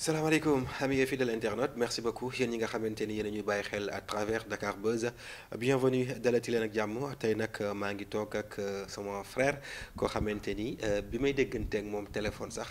salaamaaleykum amis et fidèles internautes merci beaucoup yéen yi nga xamante ni yéen ñuy bàyyi xel à travers Dakar Buzz bienvenue dalati leen ak jàmm tey nag euh, maa ngi toog ak euh, sama frère koo xamante ni euh, bi may ak moom téléphone sax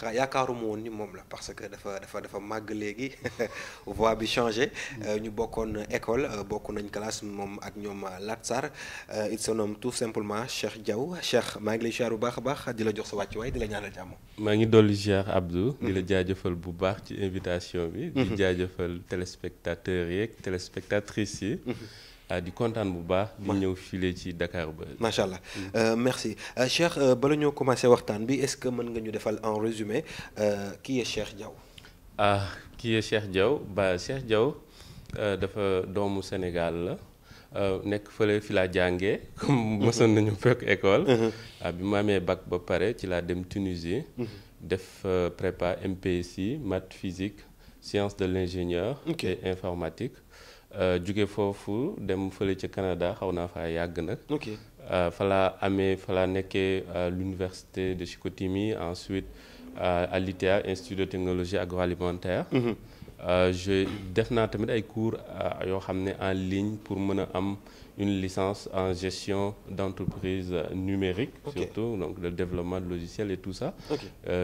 xaa yaakaaruma woon ni moom la parce que dafa dafa dafa màgg léegi voix bi changé mm. euh, ñu bokkoon école euh, bokk nañ classe moom ak ñoom Latsar euh, il se nomme tout simplement Cheikh Diaw Cheikh maa ngi lay ziar bu baax a baax di la jox sa wàccuwaay di la ñaanal jàmm. maa ngi dolli ziar Abdou. di la mm-hmm. jaajëfal bu baax ci invitation bi. di mm-hmm. jaajëfal téléspectateurs yeeg téléspectatrices yi. Mm-hmm. ah di kontaan bu baax. di ñëw file ci Dakar ba. macha allah mm. euh, merci euh, Cheikh bala ñoo commencé waxtaan bi est-ce que mën nga ñu defal en résumé qui est Cheikh Diaw. ah qui est Cheikh Diaw ba Cheikh jaw dafa doomu Sénégal la. nekk fële fi laa jàngee comme mësoon mm-hmm. nañu fekk école. Mm-hmm. Ah, bi ma amee bac ba pare ci laa dem Tunisie. Mm-hmm. def prépa MPSI maths physique sciences de l' ingénieur. et informatique. Euh, juge foofu dem fële ca Canada xaw naa fa yàgg nag. ok euh, fa laa amee fa laa nekkee à l'université de Chicoutimi ensuite à l'ITA institut de technologie agroalimentaire. Mhm. Euh, je def naa tamit ay cours yoo xam ne en ligne pour mën a am une licence en gestion d'entreprise numérique. surtout donc le développement de logiciels et tout ça.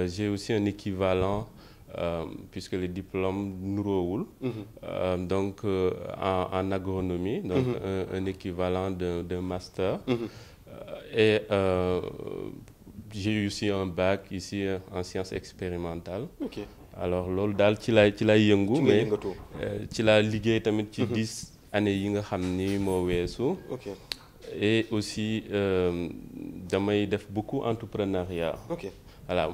j'ai aussi un équivalent. Euh, puisque les diplômes nuroowul mhm. euh, donc euh, en en agronomie donc mhm. un équivalent d'un master mhm. et j'ai eu u un bac ici en sciences expérimentales alors loolu daal ci laay ci lay yëngu mais ci laa liggéey tamit ci dix année yi nga xam ni moo weesu et aussi damay def beaucoup entrepreneuriat voilà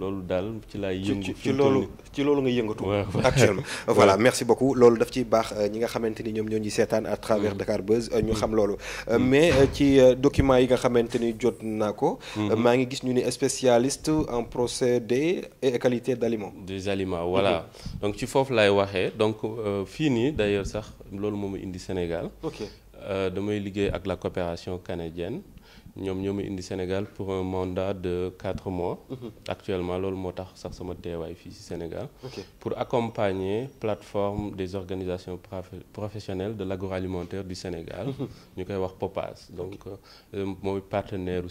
loolu daal ci laay yëngu ci loolu ci loolu nga yëngatu actuellement voilà merci beaucoup loolu daf ci baax euh, ñi nga xamante ni ñoom ñoo ñuy seetaan à travers mm. Dakar Buzz euh, ñu mm. xam loolu euh, mm. mais ci document yi nga xamante ni jot naa ko mm-hmm. maa ngi gis ñu ni spécialiste en procédé et qualité d'aliments des aliments voilà mm-hmm. donc ci foofu laay waxee donc fii nii d'ailleurs sax loolu moom indi Sénégal ok damay liggéey ak la coopération canadienne ñoom ñoo ma indi Sénégal pour un mandat de quatre mois. Mhm. actuellement loolu moo tax sax sama teewaay fii ci Sénégal. pour accompagner plateforme des organisations professionnelles de l'agroalimentaire du Sénégal. Mhm. ñu koy wax POPAS donc euh, euh, mooy partenaire u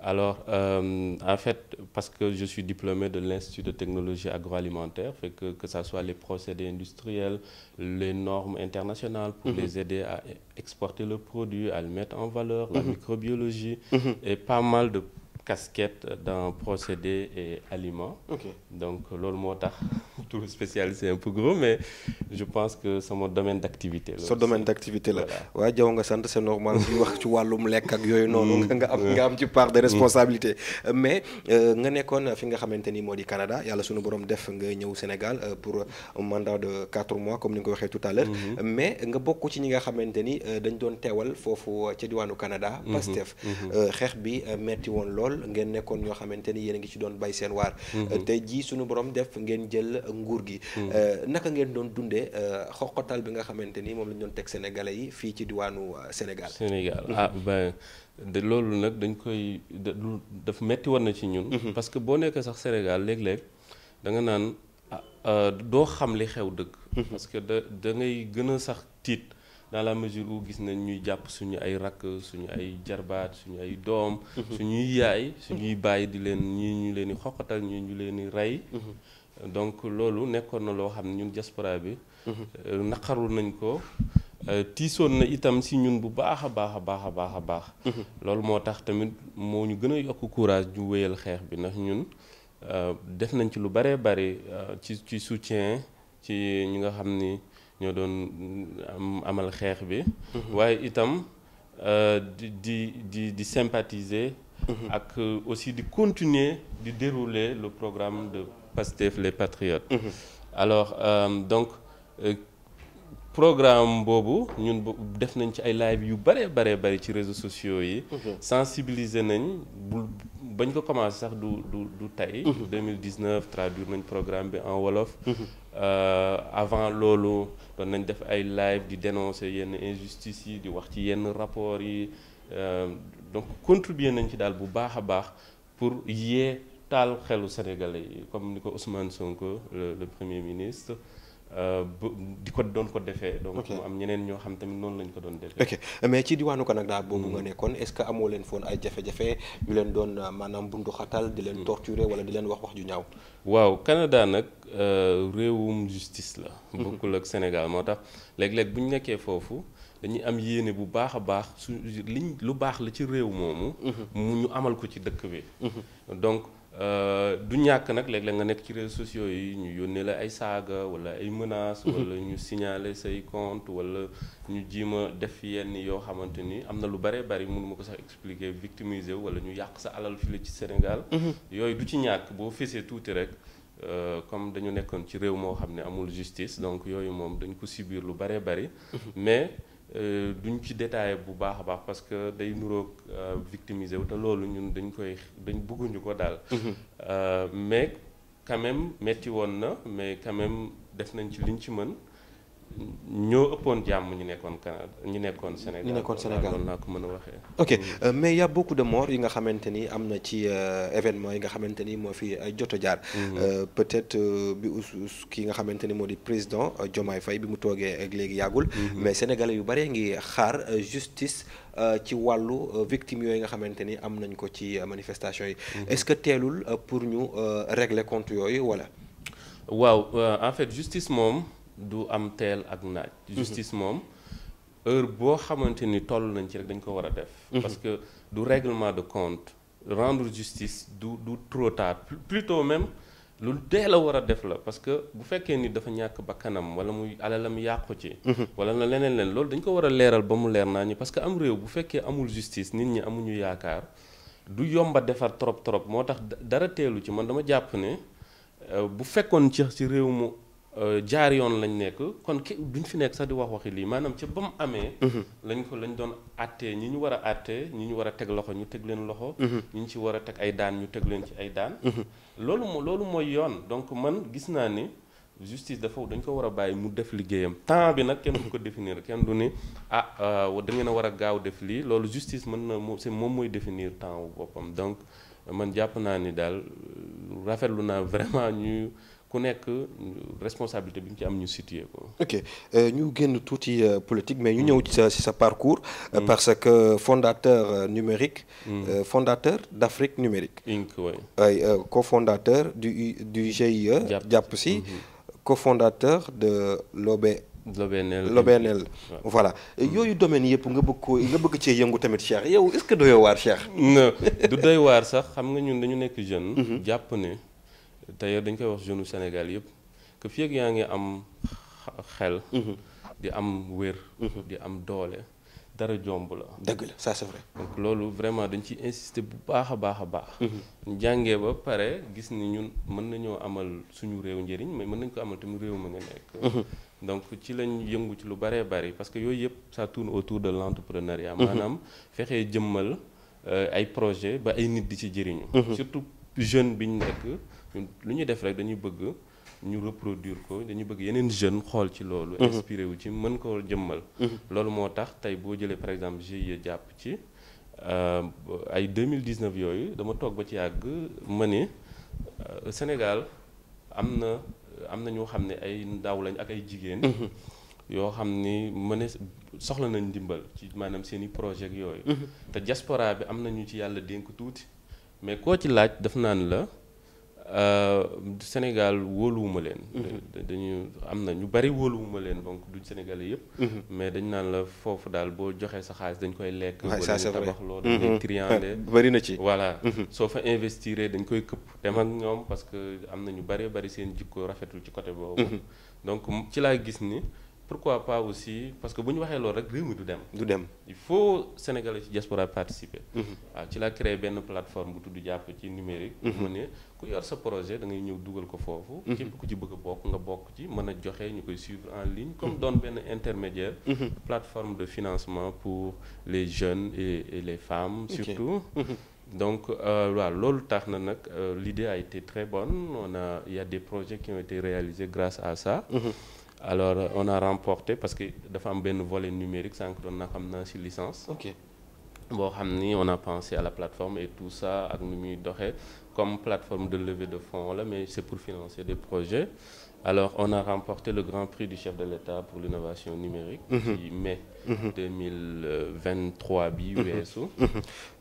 alors euh, en fait parce que je suis diplômé de l'Institut de technologie agroalimentaire fait que que ça soit les procédés industriels les normes internationales pour mm -hmm. les aider à exporter le produit à le mettre en valeur la mm -hmm. microbiologie mhm. et pas mal de casquette dans procédés et aliments. Okay. Donc, loolu moo tax tout spécialiste c'est un peu gros mais je pense que sama domaine d'activité la. sa domaine d'activité la waaw jaww nga sant c'est normal ñu wax ci wàllum lekk yooyu noonu. Mm. nga am nga am ci part de responsabilité. mais euh, nga nekkoon fi nga xamante ni moo di Canada yàlla suñu borom def nga ñëw Sénégal euh, pour un mandat de quatre mois comme ni nga ko waxee tout à l'heure mm-hmm. mais nga bokk ci ñi nga xamante ni euh, dañ doon teewal foofu ca diwaanu Canada. Mm-hmm. Pastef mm-hmm. xeex bi metti woon lool. lool ngeen nekkoon ñoo xamante ni yéen a ngi ci doon bay seen waar mhm. euh, tey jii suñu borom def ngeen jël nguur gi mhm. euh, naka ngeen doon dundee euh, xoqotal bi nga xamante ni moom lañ doon teg sénégalais yi fii ci diwaanu Sénégal Sénégal mhm. ah ben de loolu nag dañ koy daf metti war na ci ñun parce que boo nekkee sax Sénégal léeg-léeg da nga naan ah, doo xam li xew dëgg parce da da ngay a sax tiit dans la mesure où gis nañ ñuy jàpp suñu ay rakk suñu ay jarbaat suñu ay doom. Mhm. suñuy yaay mhm. suñuy bàyyi di leen ñi ñu leen di xoqatal ñii ñu leen di rey. Mhm. donc loolu nekkoon na loo xam ne ñun diaspora bi. Euh, naqarul nañ ko. Euh, tiisoon na itam si ñun bu baax a baax a baax a baax a baax. loolu moo tax tamit moo ñu gën a yokk courage ñu wéyal xeex bi ndax ñun euh, def nañ ci lu bare bare ci ci soutien ci ñi nga xam ni. ñoo doon mm, amal xeex bi mhm. waaye itam euh, di di di di sympathiser mhm. ak euh, aussi di continuer di dérouler le programme de Pastef les Patriotes mhm. alors euh, donc programme boobu ñun def nañ ci ay live yu bare bare bare ci réseau sociaux yi sensibiliser nañ bu bañ ko commencé sax du du du tey 2019 traduire nañ programme bi en wolof Euh, avant loolu doon nañ def ay live di dénoncer yenn injustice yi di wax ci yenn rapport yi euh, donc contribuer nañ ci daal bu baax a baax pour yee taal xelu sénégalais yi comme ni ko Ousmane Sonko le le premier ministre Euh, di ko doon ko defee. donc mu am ñeneen ñoo xam tamit noonu lañ ko doon defee. ok mais ci diwaanu Canada boobu mm-hmm. nga nekkoon est-ce que amoo leen foon ay jafe-jafe yu leen doon euh, maanaam bundu xatal di leen mm-hmm. torturer wala di leen wax wax ju ñaaw. waaw Canada nag euh, réewum justice la. Mm-hmm. bokkul ak Sénégal moo tax léeg-léeg bu ñu nekkee foofu dañuy am yéene bu baax a baax su liñ lu baax la ci réew moomu. mu ñu amal ko ci dëkk bi. donc. Euh, du ñàkk nag léeg-léeg nga nekk ci réseaux sociaux yi ñu yónnee la ay saaga wala ay menaces. Mhm. wala ñu signale say compte wala ñu jiima def yenn yoo xamante ni am na lu bare bari mënuma ko sax expliquer victimiser wu wala ñu yàq sa alal fii ci Sénégal. Mhm. yooyu du ci ñàkk boo fesee tuuti rek euh, comme dañu nekkoon ci réew moo xam ne amul justice donc yooyu moom dañ ko subir lu bare bari mhm. mais. Euh, duñ ci détaillé bu baax a baax parce que day nuroog euh, victimisé wu te loolu ñun dañ koy dañ bëgguñu ko daal. Mm-hmm. Euh, mais quand metti woon na mais quand même def nañ ci liñ ci mën. ñoo ëppoon jàmm ñu nekkoon Canada ñu nekkoon Sénégal ñu nekkoon Sénégal noonu laa ko mën a waxee. ok mm. euh, mais y' a beaucoup de morts yi nga xamante ni am na ci euh, événement yi nga xamante ni moo fi euh, jot a mm-hmm. peut-être bi us ki nga xamante ni moo di président Diomaye Faye bi mu toogee ak léegi yàggul. Mm-hmm. mais sénégalais yu bare ngi xaar justice ci wàllu victime yooyu nga xamante ni am nañ ko ci manifestation yi. Mm-hmm. est-ce que teelul pour ñu régler compte yooyu wala waaw en fait justice moom. du am teel ak naaj. Mhm. justice moom heure boo xamante ni toll nañ ci rek dañ ko war a def. Mhm. parce que du règlement de compte rendre justice du du trop tard plutôt même lu dee la war a def la parce que bu fekkee ni dafa ñàkk bakkanam wala muy alalam yàqu ci. Mhm. wala na leneen leen loolu dañ ko war a leeral ba mu leer naa ñi parce que am réew bu fekkee amul justice nit ñi amuñu yaakaar du yomba defar trop trop moo tax dara teelu ci man dama jàpp ne euh, bu fekkoon ci ci réew mu. Euh, jaar yoon lañ nekk kon ki ñu fi nekk sax di wax waxi lii maanaam ca ba mu amee. Mhm. lañ ko lañ doon àttee ñi ñu war a àttee ñi ñu war a teg loxo ñu teg leen loxo. Mhm. ñi ñu ci war a teg ay daan ñu teg leen ci ay daan. Mhm. loolu moo loolu mooy yoon donc man gis naa ni justice dafa dañ ko war a bàyyi mu def liggéeyam temps bi nag kenn du ko définir kenn du ni ah euh, da ngeen war a gaaw def lii loolu justice mën na moom c'est moom mooy définir temps wu boppam donc man jàpp naa ni daal rafetlu naa vraiment ñu. ku nekk responsabilité bi mu ci am ñu situé ko. ok euh, ñu génn tuuti euh, politique mais ñu ñëw ci sa si sa parcours. Euh, mm. parce que fondateur numérique. Mm. fondateur d' Afrique numérique. Inc waay ouais. euh, cofondateur du du GIE. jàpp si mm-hmm. cofondateur de l'OB L'OBNL l'OBNL voilà mm. yooyu domaine yëpp nga bëgg ko nga bëgg cee yëngu tamit Cheikh yow est-ce que doyoo waar Cheikh. du doy waar sax xam nga ñun dañu nekk jeune. Mm-hmm. jàpp ne. d'ailleurs dañ koy wax jeune Sénégal yëpp que fii yaa ngi am xel. Mhm. di am wér. Mhm. di am doole dara jomb la. dëgg la donc loolu vraiment dañ ci insister bu baax a baax a baax. Mhm. ñu jàngee ba pare gis ni ñun mën nañoo amal suñu réew njëriñ mais mën nañ ko amal tamit réew mi ngi nekk. donc ci lañ yëngu ci lu bëree bëri parce que yooyu yëpp ça tourne autour de l'entrepreneuriat. maanaam fexee jëmmal euh, ay projet ba ay nit di ci jëriñu. surtout jeune bi ñu nekk. que lu ñu def rek dañuy bëgg ñu reproduire ko dañu bëgg yeneen jeune xool ci loolu. Mhm. inspiré wu ci mën koo jëmmal. Mhm. loolu moo tax tey boo jëlee par exemple GIE jàpp ci euh, ay 2019 yooyu dama toog ba ci yàgg ma ne euh, Sénégal am na am na ñoo xam ne ay ndaw lañ ak ay jigéen. Mhm. yoo xam ni mën soxla nañ ndimbal ci maanaam seen i projet yooyu. te diaspora bi am na ñu ci yàlla dénk tuuti mais koo ci laaj daf naan la. Euh, Sénégal wóoluwuma leen. Mhm. dañu am na ñu bari wóoluwuma leen donc du Sénégalais yëpp. Mhm. mais dañu naan la foofu daal boo joxee sa xaalis dañ koy lekk. waaw ça c'est vrai tabax loo dañ koy mhm. triandé. na ci voilà. soo fa investiré dañ koy këpp dem ak ñoom parce que am na ñu baree bari seen jikko rafetul ci côté boobu. donc ci laa gis ni. pourquoi pas aussi parce que bu ñu waxee loolu rek réew mi du dem. du dem il faut sénégalais ci diaspora participer. waaw mhm. ah, ci la créer benn plateforme bu tudd jàpp ci numérique. mu mhm. ne ku yor sa projet da ngay ñëw dugal ko foofu. Mhm. képp ku ci bëgg a bokk nga bokk ci mën a joxe ñu koy suivre en ligne. comme doon benn intermédiaire. plateforme de financement pour les jeunes et les femmes. surtout. donc voilà euh, loolu tax na nag euh, l'idée a été très bonne on a il y a des projets qui à ça. alors euh, on a remporté parce que dafa am benn volet numérique sànq doon na xam na ci licence. ok boo xam ni on a pensé à la plateforme et tout ça ak nu muy doxee comme plateforme de levée de fonds la mais c'est pour financer des projets. Alors, on a remporté le Grand Prix du chef de l'État pour l'innovation numérique mm -hmm. ci mai bi mhm. weesu mm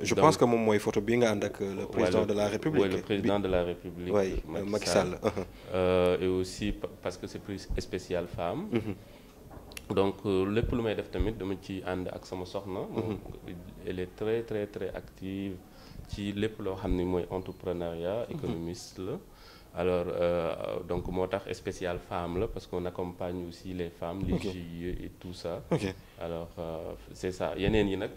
je pense que moom mooy photo bi nga ànd ak euh, le président ouais, de la République ouais, de la République ouais, euh, Macky, Macky Sall mhm. euh, et aussi parce que c'est plus spécial femme mhm. donc euh, lépp lu may def tamit dama ci ànd ak sama soxna moom elle est très très très active ci lépp loo xam ni mooy entrepreneuriat économiste la alors euh, donc moo tax spécial femme la parce qu'on accompagne aussi les femmes les okay. GIE et tout ça alors euh, c'est ça yeneen yi nag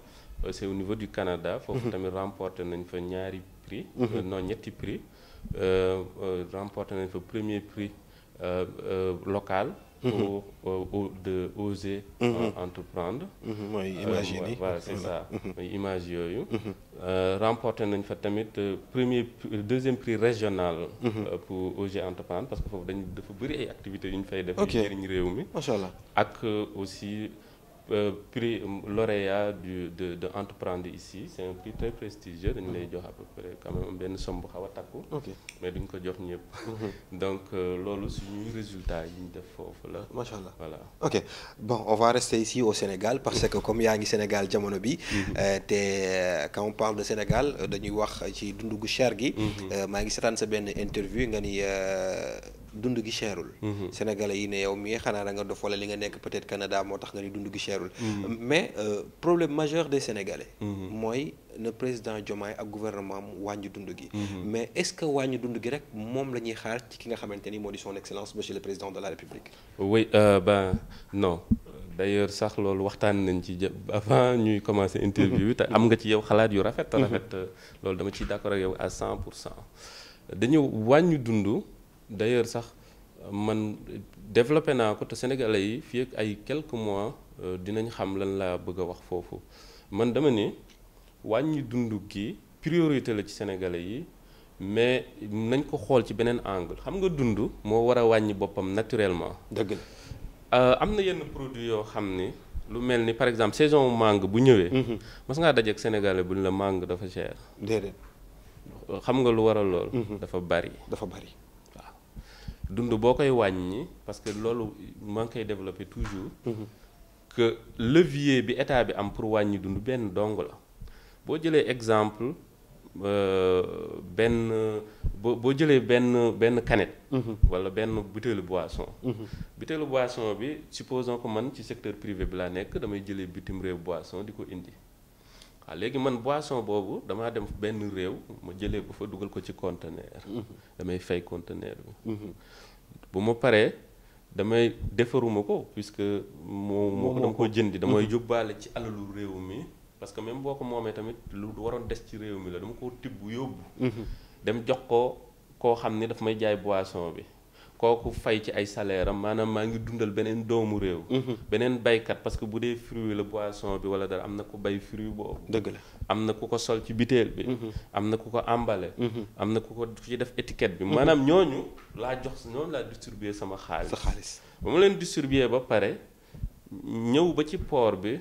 euh, c'est au niveau du Canada foofu mhm. tamit remporté nañ fa ñaari prix mhm. euh, non ñetti prix euh, remporté nañ fa premier prix local ou, ou, ou de oser mm-hmm. euh, entreprendre mm-hmm. mooy euh, image yi voilà c'est ça mm-hmm. mooy image yooyu euh, remporté nañ fa tamit premier deuxième prix régional pour oser entreprendre parce que foofu dañ dafa bëri ay activités yu ñu fay def yu jëriñ réew mi macha allah ak aussi Euh, prix euh, du de de entreprendre ici c'est un prix très prestigieux dañu lay jox à peu près benn somme bu xaw a takku. mais duñ ko jox ñëpp. Mhm. donc euh, loolu suñuy résultat yi ñu def foofu la. macha allah voilà ok bon on va rester ici au Sénégal parce que comme yaa ngi Sénégal jamono bi. Mhm. Euh, te quand parle de Sénégal dañuy wax ci dundu gu cher gi. Mhm. maa ngi seetaan sa benn interview nga ni. dund gi cherul mhm. sénégalais yi ne yow mii xanaa da nga dof wala li nga nekk peut-être Canada moo tax nga ni dund gi cherul mhm. mais euh, problème majeur des sénégalais mhm. mooy ne président Diomaye ak gouvernement am wàññi dund gi mais est-ce que wàññi dund gi rek moom la ñuy xaar ci ki nga xamante ni moo di son excellence monsieur le président de la république oui euh, no non d'ailleurs sax loolu waxtaan nañ ci avant ñuy commencer interview bi te am nga ci yow xalaat yu rafet rafet euh, loolu dama ciy d'accord à cent pour cent dañu wàññi dund d'ailleurs sax man développé naa ko te sénégalais yi fii ak ay quelques mois euh, dinañ xam lan laa bëgg a wax foofu man dama ni wàññi dund gi priorité la ci sénégalais yi mais nañ ko xool ci beneen angle xam nga dundu moo war a wàññi boppam naturellement. dëgg la euh, am na yenn produit yoo xam ni lu mel ni par exemple saison màng bu ñëwee. Mhm. mas ngaa dajeeg sénégalais buñ la màng dafa cher. déedéet xam nga lu waral lool. Mhm. dafa bari dafa bari. dund boo koy wàññi parce que loolu maa koy développé toujours. Mhm. que levier bi état bi am pour wàññi dund benn dong la boo jëlee exemple euh, benn boo boo jëlee benn benn canette. Mhm. wala benn butéelu boisson. Mhm. butéelu boisson bi supposons que man ci secteur privé bi laa nekk damay jëlee bitim réew boisson di ko indi. léegi man boisson boobu damaa dem benn réew ma jëlee ko fa dugal ko ci conteneur. Mhm. damay fay conteneur bi. Mhm. bu ma paree damay defaruma ko puisque moo moo ko ko jëndi damay jubale mhm. ci alalu réew mi parce que même boo ko moomee tamit lu waroon des ci réew mi la dama ko tibb yóbbu. dem jox ko koo xam ni daf may jaay boisson bi. kooku fay ci ay salaire maanaam maa ngi dundal beneen doomu réew. Mhm. beneen baykat parce que bu dee fruit la boisson bi wala dara am na ku bay fruit boobu. dëgg la am na ku ko sol ci biteel bi. Mhm. am na ku ko àmbale mhm. am na ku ko ci def étiquette bi. maanaam ñooñu laa jox ñooñu laa distribuer sama xaalis. sa xaalis ba mu leen distribuer ba pare ñëw ba ci port bi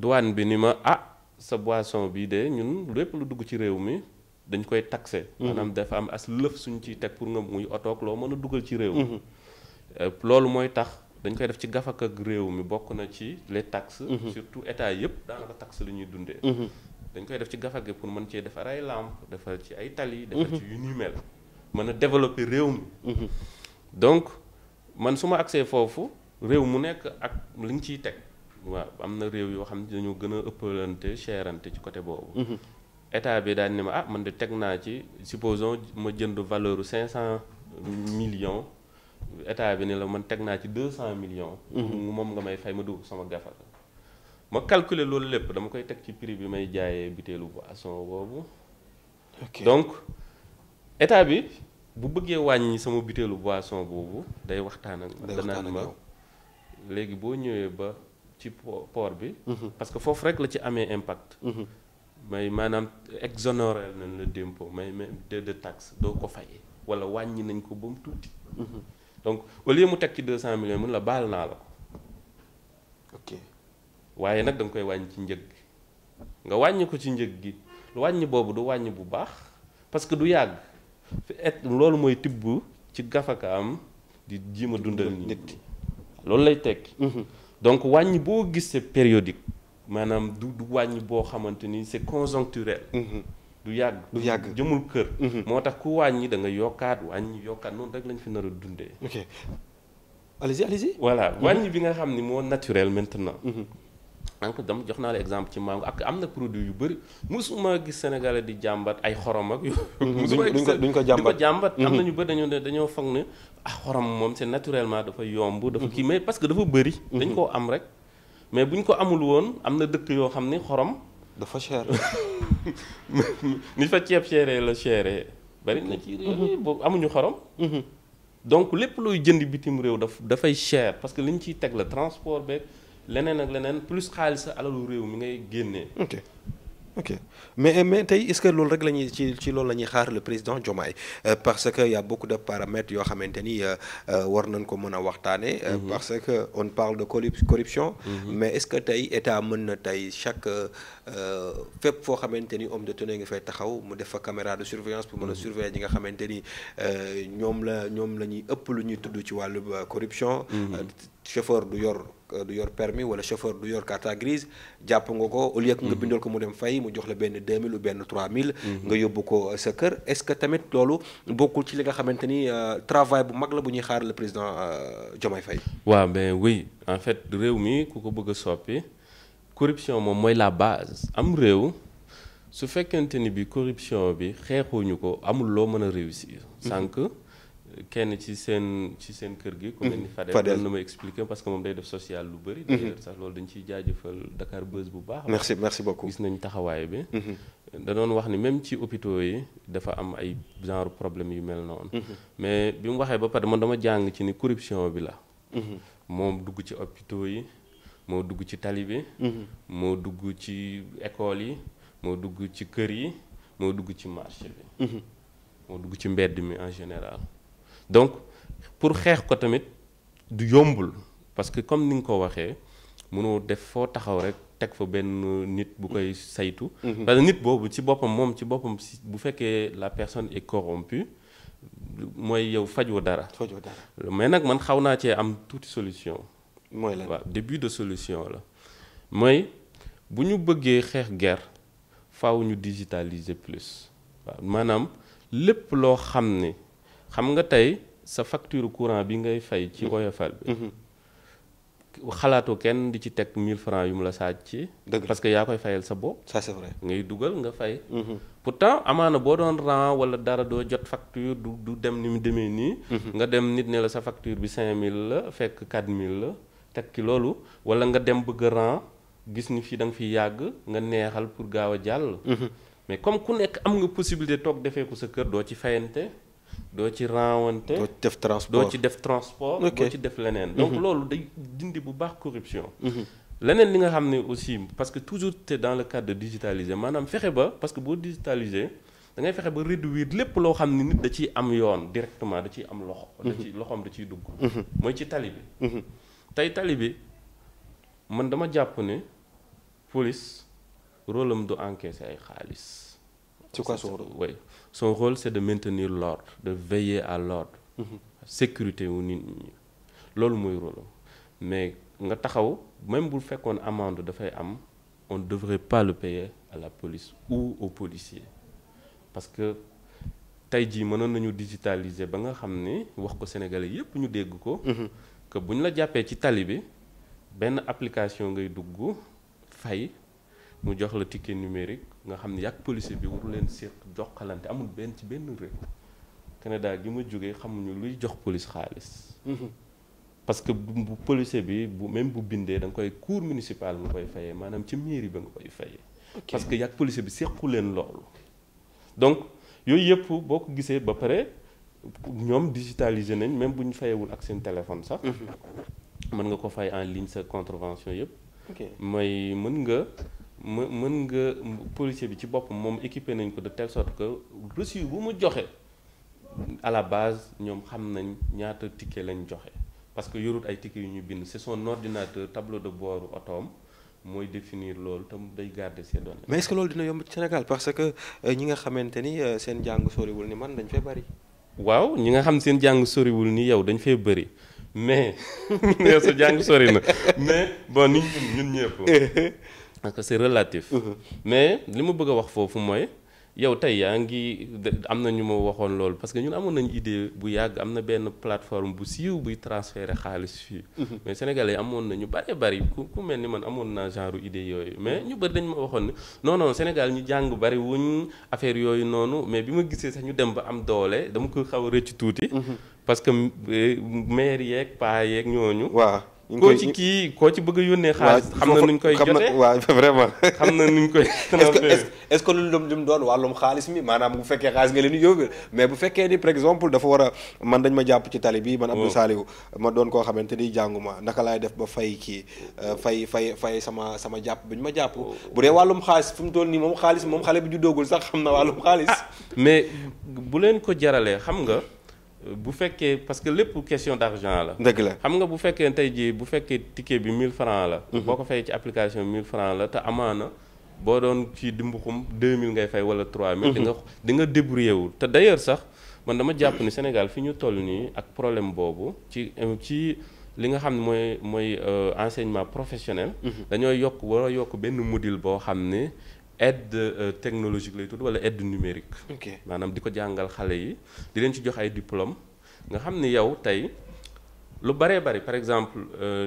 douane bi ni ma ah sa boisson bii de ñun lépp lu dugg ci réew mi. dañ koy taxé. Mhm. maanaam dafa am as lëf suñ ciy teg pour nga muy otoog loo mën a dugal ci réew mi mhm. euh, loolu mooy tax dañ koy def ci gafak ak réew mi bokk na ci les taxes mhm. surtout état yëpp daanaka taxe li ñuy dundee dañ koy def ci gafak gi pour mën cee defar ay làmp defar ci ay tali defar ci yu ni mel mën a développer réew mi donc man su ma agsee foofu réew mu nekk ak li nga ciy teg waaw am na réew yoo xam ne dañoo gën a ëppalante cherante ci côté boobu état bi daal ni ma ah man de teg naa ci supposons ma jënd valeur cinq cent millions état bi ni la man teg naa ci cent million mhm. moom nga may fay ma dugg sama gafar. ma calculer loolu lépp dama koy teg ci prix bi may jaayee butéelu boisson boobu. donc état bi bu bëggee wàññi sama butéelu boisson boobu day waxtaan ak. day danaan ma léegi boo ñëwee ba ci port bi. Mhm. parce foofu rek la ci amee impact. Mhm. may maanaam na nañ la d'impôt may même de de taxe doo ko fayee wala wàññi nañ ko ba mu tuuti. Mhm. donc au lieu mu tekki deux cent millions mun la baal naa la ko. waaye nag da koy wàññi ci njëg gi nga wàññi ko ci njëg gi wàññi boobu du wàññi bu baax parce que du yàgg fi et loolu mooy tibb ci gafaka am di jiima dundal nit loolu lay tekki mhm. donc wàññi boo gis gisee périodique. maanaam du du wàññi boo xamante ni c'est conjoncturel. Mhm. du yàgg du yàgg jëmul kër. Mhm. moo tax ku wàññi da nga yokkaat wàññi yokkaat noonu rek lañ fi nar dundee. ok allez-y allez-y. Mhm. wàññi bi nga xam ni moo naturel maintenant. donc dama jox naa la exemple ci mango ak am na produit yu bëri ma gis Sénégalais di jàmbat ay xorom ak. musuma gis duñ ko jàmbat jàmbat. am na ñu bëri dañoo dañoo foog ne ah xorom moom c'est naturellement dafa yomb. dafa kii mais parce que dafa bëri. dañ koo am rek. mais bu ñu ko amul woon am na dëkk yoo xam ni xorom. dafa cher. ni fa ceeb chéré la chéré bari na ci réew boobu amuñu xorom. Mhm. donc lépp looy jënd bitim réew daf dafay cher parce que li ñu ciy teg la transport beeg leneen ak leneen plus xaalis sa alalu réew mi ngay génnee. ok mais mais tey est-ce que loolu rek la ñuy ci ci loolu la ñuy xaar le président Diomaye euh, parce que y a beaucoup de yoo xamante ni euh, euh, war nañ ko mën a waxtaanee. Mhm. parce que on parle de corruption. Mhm. mais est-ce que tey état mën na tey chaque fépp foo xamante ni homme de tenue nga fay taxaw mu def fa caméra de surveillance pour mën a mhm. surveiller ñi nga xamante ni ñoom la ñoom la ñuy ëpp lu ñuy tudd ci wàllu corruption. chauffeur du yor. Euh, du yor permis wala chauffeur du yor carte grise jàpp nga ko au lieu que nga mhm. bindal ko mu dem fay mu jox la benn 2000 ou benn mil mhm. nga yóbbu ko euh, sa kër est ce que tamit loolu bokkul ci li nga xamante ni euh, travail bu mag la bu ñuy xaar le président Diomaye Faye. waa ben oui en fait réew mi ku ko bëgg a soppi corruption moom mooy la base am réew. su fekkente ni bi corruption bi xeexuñu ko amul loo mën a réussir. Mhm. kenn ci seen ci seen kër gi. ko mhm. mel ni Fadel Fadel ma expliquer parce que moom day def social lu bëri. Mhm. d'ailleurs sax loolu dañ ciy jaajëfal Dakar Buzz bu baax. merci merci beaucoup gis nañ taxawaay bi. Mhm. da wax ni même ci hôpitaux yi dafa am ay genre problème yu mel noonu. mais bi mu waxee ba pare man dama jàng ci ni corruption bi la. moom dugg ci hôpitaux yi moo dugg ci tali bi. moo dugg ci école yi moo dugg ci kër yi moo dugg ci marché bi. moo dugg ci mbedd mi en général. donc pour xeex ko tamit du yombul parce que comme ni nga ko waxee mënoo def foo taxaw rek teg fa benn nit bu koy saytu. Mhm. parce que nit boobu ci boppam moom ci boppam bu fekkee la personne est corrompue mooy yow fajoo dara. fajoo dara mais nag man xaw naa cee am tuuti solution. mooy la waaw début de solution la mooy bu ñu bëggee xeex guerre faw ñu digitaliser plus waaw maanaam lépp loo xam ne. xam nga tey sa facture courant bi ngay fay ci mm-hmm. Woyofal bi mm-hmm. xalaatu kenn di ci teg mille francs yu mu la saaj ci parce que yaa koy fayal sa bopp ça ngay dugal nga fay mm-hmm. pourtant amaana boo doon rang wala dara doo jot facture du du dem ni mu demee nii nga dem nit ne la sa facture bi 5000 la fekk 4000 la teg ki loolu wala nga dem bëgg rang gis ni fii da nga fiy yàgg nga neexal pour gaaw a jàll mais comme ku nekk am nga possibilité toog defee ko sa kër doo ci fayante doo ci rawante doo ci def transport doo ci def transport doo ci def leneen donc mhm. loolu day dindi bu baax corruption mhm. leneen li nga xam ne aussi parce que toujours te dans le cadre de digitaliser maanaam fexe ba parce que boo digitaliser dangay fexe ba réduire lépp loo xam ne nit da ciy am yoon directement da ciy am loxo mhm. da ci loxoom da ciy dugg mooy ci tali bi tey tali bi man dama jàpp ne police rôlam du encaisser ay xaalis C'est quoi son rôle c'est de maintenir l'ordre, de veiller à l'ordre. Mm-hmm. sécurité wu nit ñi loolu mooy rôle mais nga taxaw même bu fekkoon amende dafay am on ne devrait pas à la police ou aux policiers parce que tey jii mënoon nañu digitaliser ba nga xam ni wax ko sénégalais yépp ñu dégg ko. Mm-hmm. que bu ñu la jàppee ci tali bi benn application ngay dugg fay. mu jox la ticket numérique nga xam ne yàgg policier bi waru leen seq joxalante amul benn ci benn réew. Canada gi ma jógee xamuñu luy jox police xaalis. Mhm. parce que bu policier bi bu même bu bindee da nga koy cour municipal nga koy fayee maanaam ci mairie ba nga koy fayee. parce que yàgg policier bi sequ leen loolu. donc yooyu yëpp boo ko gisee ba pare ñoom digitalisé nañ même bu ñu fayewul ak seen téléphone sax. Mhm. mën nga ko fay en ligne sa contravention yëpp. mooy mën nga. më mën nga policier bi ci boppam moom équipé nañ ko de telle sorte que reçu bu mu joxe à la base ñoom xam nañ ñaata ticket lañ joxe parce que yorut ay ticket yu ñu bind c'est son ordinateur tableau de bord otoom mooy définir loolu tam day garder ces données. mais est loolu dina yomb ci Sénégal parce que euh, ñi nga xamante ni euh, seen jàng soriwul ni man dañ fee bari. waaw ñi nga xam seen jàng soriwul ni yow dañ fee bëri mais yow sa jàng sori na mais bon ni ñun ñun ñëpp. parce que c'est relatif. Mhm. mais li ma bëgg a wax foofu mooy yow tey yaa ngi am na ñu ma waxoon loolu parce que ñun amoon nañu idée bu yàgg am na benn plateforme bu siiw buy transférer xaalis fii. Mhm. mais sénégalais amoon na ñu bari bari ku ku mel ni man amoon naa genre idée yooyu mais ñu bëri dañ ma waxoon ne non Sénégal ñu jàng bari wuñ affaire yooyu noonu mais bi ma gisee sax ñu dem ba am doole dama koy xaw a rëcc tuuti. Mhm. parce que eh, maire yeeg paa yeeg ñooñu. waaw koo ci kii koo ci bëgg a yónnee xaalis xam na nuñ koy jotee waaw vraiment xam na nuñ koy est ce que lu lum lim doon wàllum xaalis mi maanaam bu fekkee xaalis nga leen di yóbbu mais bu fekkee ni par exemple dafa war a man dañ ma jàpp ci tali bi man Abdou oh. Saliou ma doon koo xamante ni jànguma naka laay def ba fay kii euh, fay fay fay sama sama jàpp bi ñu ma jàpp oh. bu dee wàllum xaalis fu mu toll nii moom xaalis moom xale bi ju doogul sax xam na wàllum ah, xaalis mais bu leen ko jaralee xam nga bu fekkee parce que lépp question d' argent la. dëgg la xam nga bu fekkee tey jii bu fekkee ticket bi 1000 francs la. Mhm. boo ko fay ci application 1000 francs la te amaana boo doon ci deux 2000 ngay fay wala 3000. di nga mhm. di nga débrouillé wu te d' sax man dama jàpp ni Sénégal fi ñu toll nii ak problème boobu ci ci. li nga xam ne mooy mooy euh, enseignement professionnel mhm. dañoo yokk war yokk benn module boo xam ne aide euh, technologique lay tudd wala aide numérique. maanaam di ko jàngal xale yi di leen ci jox ay diplôme nga xam ni yow tey lu baree bari par exemple euh,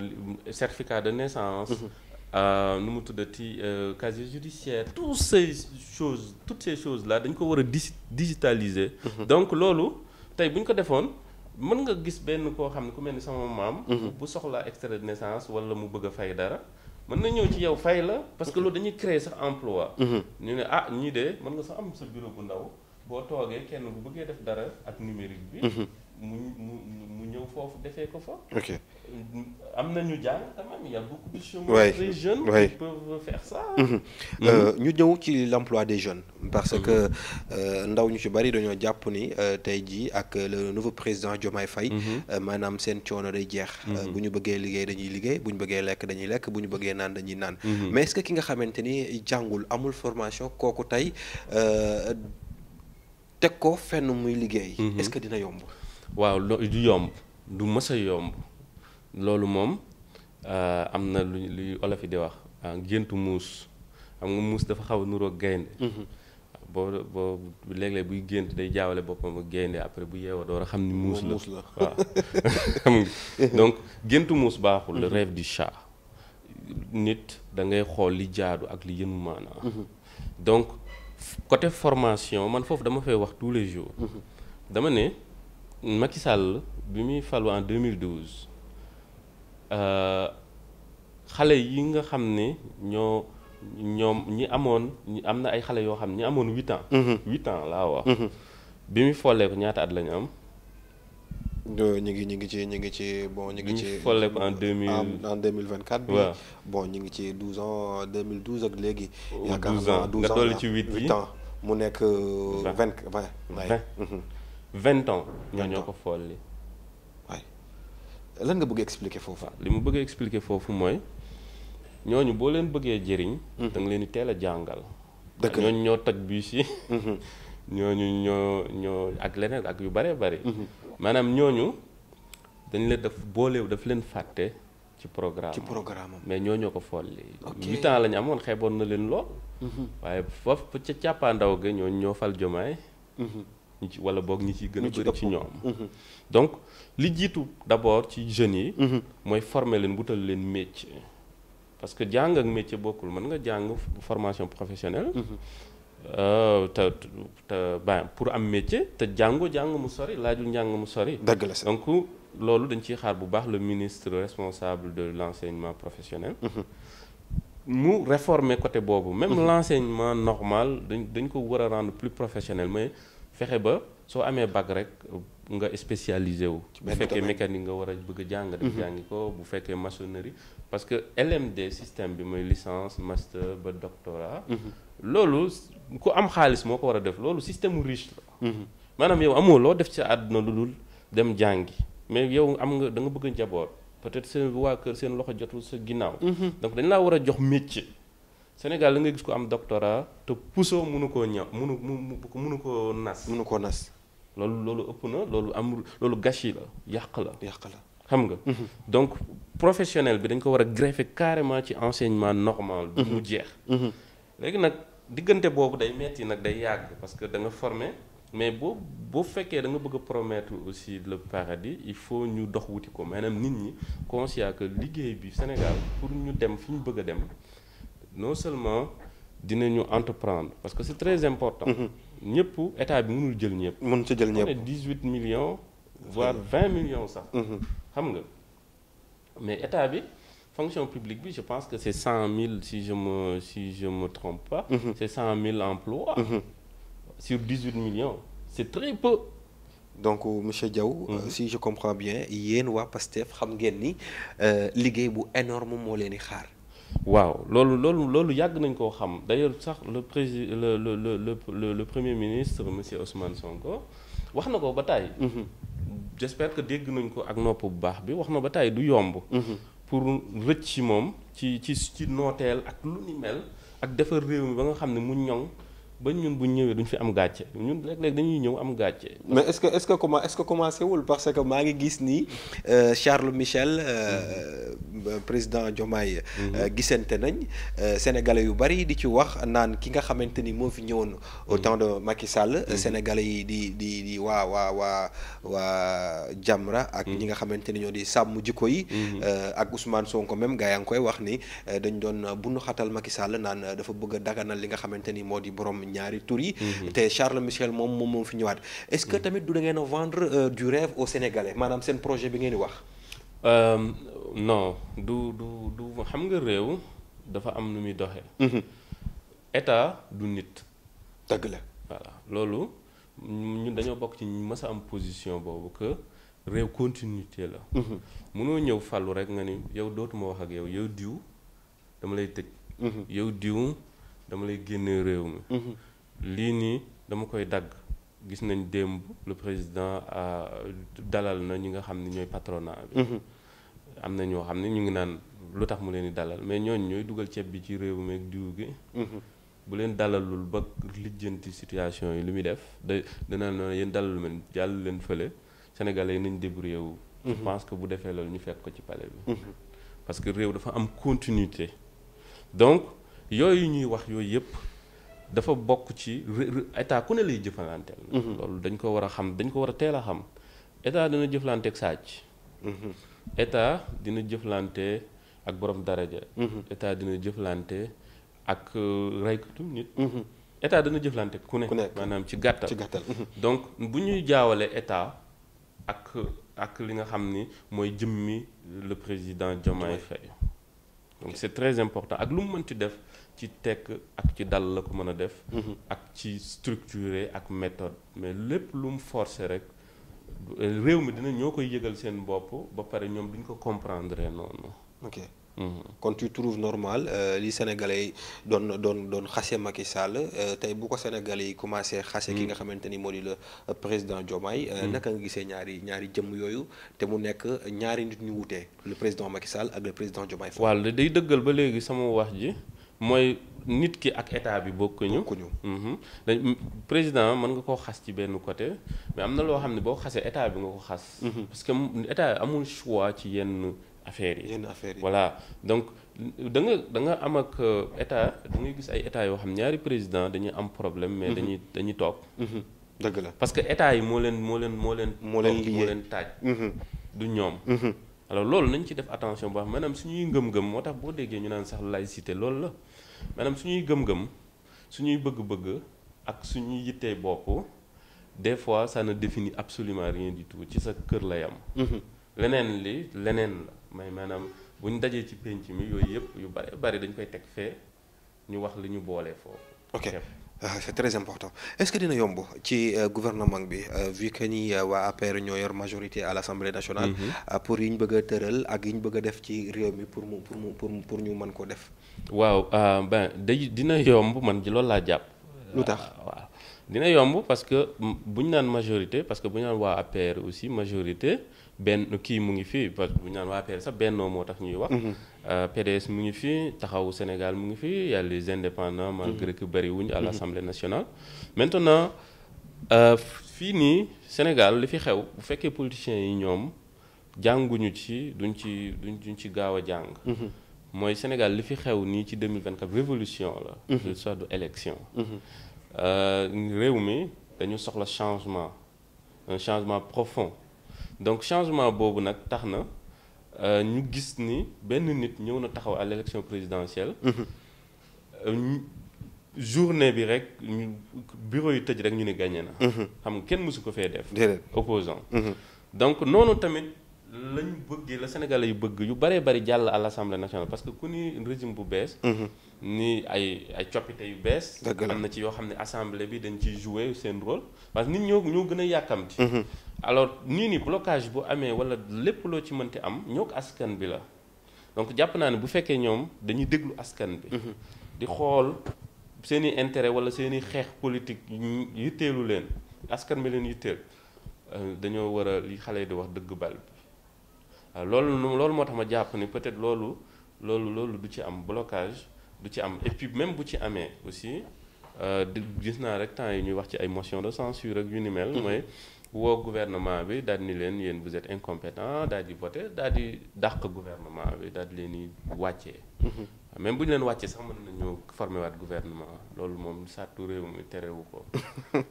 certificat de naissance. Mhm. Euh, nu mu tuddati casier judiciaire toutes ces choses toutes ces choses là dañ ko war a digitaliser. Mhm. donc loolu tey bu ñu ko defoon. mën nga gis benn koo xam ne ku mel ni sama maam. Mhm. bu soxla extrait de naissance wala mu bëgg a fay dara. mën na ñëw ci yow fay la parce que loolu dañuy créer sax emploi mhm. ñu ne ah ñii de mën nga sax am sa bureau bu ndaw boo toogee kenn bu bëggee def dara ak numérique bi mhm. mu mu ñëw foofu defee ko fa. ok am ñu a mhm. euh, ñu ñëw ci l'emploi des jeunes. parce que mhm. euh, ndaw ñu ci bari dañoo jàpp ni euh, tey jii ak le nouveau président Diomaye Faye. Mhm. maanaam seen coono day jeex. bu ñu bëggee liggéey dañuy liggéey bu ñu bëggee lekk dañuy lekk bu ñu bëggee naan dañuy naan. mais est-ce que ki nga xamante ni jàngul amul formation kooku tey teg ko fenn muy liggéey. est-ce que dina yomb. waaw loo du yomb du mës a yomb loolu moom euh, am na lu luy olof yi di wax euh, géntu muus am nga muus dafa xaw a nuroog gaynde mm-hmm. boo boo léeg-léeg buy gént day jaawale boppam ak gaynde après bu yeewoo door a xam ni muus la waaw xam donc géntu muus baaxul le mm-hmm. rêve du chat nit da ngay xool li jaadu ak li yënu maanaa mm-hmm. donc côté formation man foofu dama fay wax tous les jours dama ne Macky Sall bi muy falu en 2012 euh, xale yi nga xam ni ñoo ñoom ñi amoon ñi am na ay xale yoo xam ñi amoon huit ans. Mhm. huit ans laa wax. Mhm. bi muy follee ko ñaata at lañu am. ñu ngi ñu ngi ci ñu ngi ci bon ñu ngi ci follee en deux mille en deux mille vingt quatre. waaw bon ñu ngi ci douze ans deux mille douze ak léegi. yaakaar naa douze ans nga dolli ci huit ans mu nekk euh, vingt mhm. vingt ans ñoo ñoo ko fool li waay lan nga bëgg expliquer foofu li mu bëggee expliquer foofu mooy ñooñu boo leen bëggee jëriñ hmm. da leen di teel a jàngal dëkk ñooñu ñoo toj bus yi hmm. ñooñu ñoo ñoo ak leneen ak yu bare bari hmm. maanaam ñooñu dañ leen daf booleew daf leen fàtte ci programme ci programme mais ñoo ñoo ko folli huit ans amoon xeeboon na leen lool waaye foofu ca càppaandaw ga ñooñu ñoo fal jomaay ñi ci wala boog ñi ci gën a bëri ci ñoom mhm. donc li jiitu d'abord ci jeunes yi mhm. mooy former leen wutal leen métier parce que jàng ak métier bokkul mën nga jàng formation professionnelle mhm. euh, te te ba pour am métier te jàngo jàng mu sori laajul njàng mu sori dëgg la donc loolu dañ ciy xaar bu baax la ministre responsable de l'enseignement professionnel mu réformer côté boobu même l'enseignement normal dañ dañ ko war a rendre plus professionnel mais fexe ba soo amee bag rek nga spécialisé wu. bu fekkee mécanique nga war a bëgg a jàng. def mhm. jàngi ko bu fekkee maçonnerie. parce que LMD système bi mooy licence master ba doctorat. Mhm. loolu ku am xaalis moo ko war a def loolu système riche la. Mhm. maanaam yow amoo loo def ci àdduna lu dul dem jàngi mais yow am nga da nga bëgg njaboot peut-être seen waa kër seen loxo jotul sa ginnaaw. donc dañ laa war a jox métier. Sénégal la nga gis ko am doctorat te puso mënu koo ñaw mënu mënu koo nas. mënu koo nas. loolu loolu ëpp na loolu amul loolu gâchis la yàq la. yàq la xam nga. Mhm. donc professionnel bi dañ ko war a fe carrément ci enseignement normal. bi mhm. mu jeex. Mhm. léegi nag diggante boobu day metti nag day yàgg parce que da nga formé mais boo boo fekkee da nga bëgg a promettre aussi le paradis il faut ñu dox wuti ko maanaam nit ñi conscient que liggéey bi Sénégal pour ñu dem fi ñu bëgg a dem. non seulement dinañu entreprendre parce que c'est très important. Mhm. ñëpp état bi mënul jël ñëpp. mën ci jël ñëpp dix huit millions. voire vingt millions sax. Mhm. xam nga mais état bi fonction publique bi je pense que c'est cent mille si je me si je me trompe pas. Mhm. c'est cent mille emplois. sur dix huit millions c'est très peu. donc monsieur jaw euh, si je comprends bien yéen waa PASTEF xam ngeen ni euh, liggéey bu énorme moo leen di xaar. waaw loolu loolu loolu yàgg nañ koo xam d'ailleurs sax le prési le le le le le premier ministre monsieur Ousmane Sonko wax na ko ba tàyyi. Mm-hmm. j'espère que dégg nañ ko ak nopp bu baax bi wax na ba tàyyi du yomb. Mm-hmm. pour rëcc ci moom ci ci ci nooteel ak lu ni mel ak defar réew mi ba nga xam ne mu ñoŋ. ba ñun bu ñëwee duñ fi am gàcce ñun léeg-léeg dañuy ñëw am gàcce. mais est-ce que est-ce que comment est-ce que commencé wul parce que maa ngi gis ni euh, Charles Michel euh, euh, président Diomaye. Mhm. gisante nañ sénégalais yu bari di ci wax naan ki nga xamante ni moo fi ñëwoon au mhm. temps de Macky Sall. Mhm. sénégalais yi di di di waa waa waa waa Jamra ak ñi nga xamante ni ñoo di sàmm jikko yi. ak Ousmane Sonko même gaa yaa ngi koy wax ni dañ doon bundu xatal Macky Sall naan dafa bëgg a daganal li nga xamante ni moo di borom. ñaari tur yi. Mhm. te Charles Michel moom moom moom fi ñëwaat. est-ce que mhm. tamit du da ngeen a vendre euh, du rêve aux Sénégalais maanaam seen projet bi ngeen di wax. Euh, non du du du xam nga réew dafa am nu muy doxee. Mhm. état du nit. dëgg la voilà loolu ñun dañoo bokk ci ñu mës am position boobu que. réew continuité la. mënoo ñëw fàllu rek nga ni yow dootuma wax ak yow yow diw dama lay tëj. yow diw. dama lay génne réew mi mhm. lii nii dama koy dagg gis nañ démb le président dalal na ñi nga xam ne ñooy patronat bi mhm. am na ñoo xam ne ñu ngi naan lu tax mu leen di dalal mais ñooñ ñooy dugal ceeb bi ci réew mi ak diw gi mhm. bu leen dalalul ba lijjanti situation yi lu muy def da dana noonu yéen dalalu men jàll leen fële sénégalais yi nañ débrouillé wu je bu defee loolu ñu fekk ko ci pale bi parce que réew dafa am continuité donc yooyu ñuy wax yooyu yëpp dafa bokk ci état ku ne lay jëfalanteel. Mhm. loolu dañ ko war a xam dañ ko war a teel a xam état dina jëflantee sàcc. Mhm. état dina jëflante ak borom daraja. Mhm. état dina jëflante ak euh, raykatu nit. état dana jëflante ku ne. maanaam ci gàttal ci donc bu ñuy jaawalee état ak ak li nga xam ni mooy jëmmi le président Diomaye Faye donc c'est très important ak lu mu mënti def. ci tekk ak ci dal la ko mën a def mhm. ak ci structuré ak méthode mais lépp lum mu rek réew mi dina ñoo koy yëgal seen bopp ba pare ñoom duñ ko comprendre noonu ok mhm. kon tu trouves normal euh, li sénégalais yi doon doon doon xase Macky Sall euh, tey bu ko sénégalais yi commencé xase ki mhm. nga xamante ni moo di le euh, président Diomaye naka nga gisee ñaari ñaari jëmm yooyu te mu nekk ñaari nit ñu wutee lu président Macky Sall ak le président Diomaye Faye waaw day dëggal ba léegi sama wax ji mooy nit ki ak état bi bokkuñu. bokkuñu. Mhm. président mën nga koo xas ci benn côté mais am na loo xam ne boo xasee état bi nga ko xas. Mhm. parce que état amul choix ci yenn affaires yi. yenn affaires voilà donc da nga da nga am ak euh, état da ngay gis ay état yoo xam ñaari président dañuy am problème. mais mhm. dañuy dañuy toog. dëgg la parce que état yi moo leen moo leen moo leen. moo leen liggéey moo leen taaj. du ñoom. alors loolu nañ ci def attention bu baax maanaam suñuy ngëm-ngëm moo tax boo déggee ñu naan sax laïcité loolu la. maanaam suñuy gëm-gëm suñuy bëgg-bëgg ak suñuy yittee bopp des fois ça ne définit absolument rien di tout ci sa kër la yam mhm. leneen li leneen la may maanaam bu ñu dajee ci penc mi yooyu yëpp yu bare bari dañ koy teg fee ñu wax li ñu boolee foofu ok euh, c'est très important est-ce que dina yomb ci euh, gouvernement bi euh, vu que waa APR ñoo yor majorité à l'Assemblée nationale mhm. pour yi ñu bëgg a tëral ak yi ñu bëgg def ci réew mi pour mu pour mu pour ñu mën ko def waaw euh, ben day dina yomb man ci loolu laa jàpp. lu tax euh, waaw dina yomb parce que bu naan majorité parce que bu ñu naan waa APR aussi majorité benn kii mu ngi fii parce que bu ñu naan waa APR sax bennoo moo tax ñuy wax. Mhm. Euh, PDS mu ngi fii taxawu Sénégal mu ngi fii yàlla a les indépendants mhm. malgré que bëri wuñ à mhm. l' assemblée nationale. maintenant fii nii Sénégal li fi xew bu fekkee politiciens yi ñoom jànguñu ci duñ ci duñ ci gaaw a jàng. mooy Sénégal li fi xew nii ci 2024 révolution la le mhm. soir du élection mhm. euh, réew mi dañu soxla changement un changement profond donc changement boobu nag tax na euh, ñu gis ni benn nit ñëw na taxaw à l'élection présidentielle mhm. euh, journée bi rek ñu bureau yu tëj rek ñu ni gagné na xam nga kenn mësu ko fee def opposant donc noonu tamit lañ bëggee la Sénégalais yu bëgg yu bëree bëri jàll à l'Assemblée nationale parce que ku ni régime bu bees. Mhm. ni ay ay coppite yu bees. am na ci yoo xam ne assemblée bi dañ ciy jouer seen rôle parce que nit ñoo gën a yàkkamti. Mhm. alors nii nii blocage bu amee wala lépp loo ci mënti am ñoo ko askan bi la donc jàpp naa ne bu fekkee ñoom dañuy déglu askan bi. Mhm. di xool seen i intérêt wala seen i xeex politique yitteelu leen askan bi leen yu yitteel euh, dañoo war a li xale yi di wax dëgg bal waaw euh, loolu loolu moo tax ma jàpp ni peut-être loolu loolu loolu du ci am blocage du ci am et puis même bu ci amee aussi euh, gis naa rek temps yi ñuy wax ci ay motion de censure ak yu ni mel mooy woo gouvernement bi daal ni leen yéen vous êtes incompétent daal di voté daal di dàq gouvernement bi daal di leen yi wàccee mm-hmm. Ah, même bu ñu leen wàccee sax mën nañu former waat gouvernement loolu moom sàttu réew mi terewu ko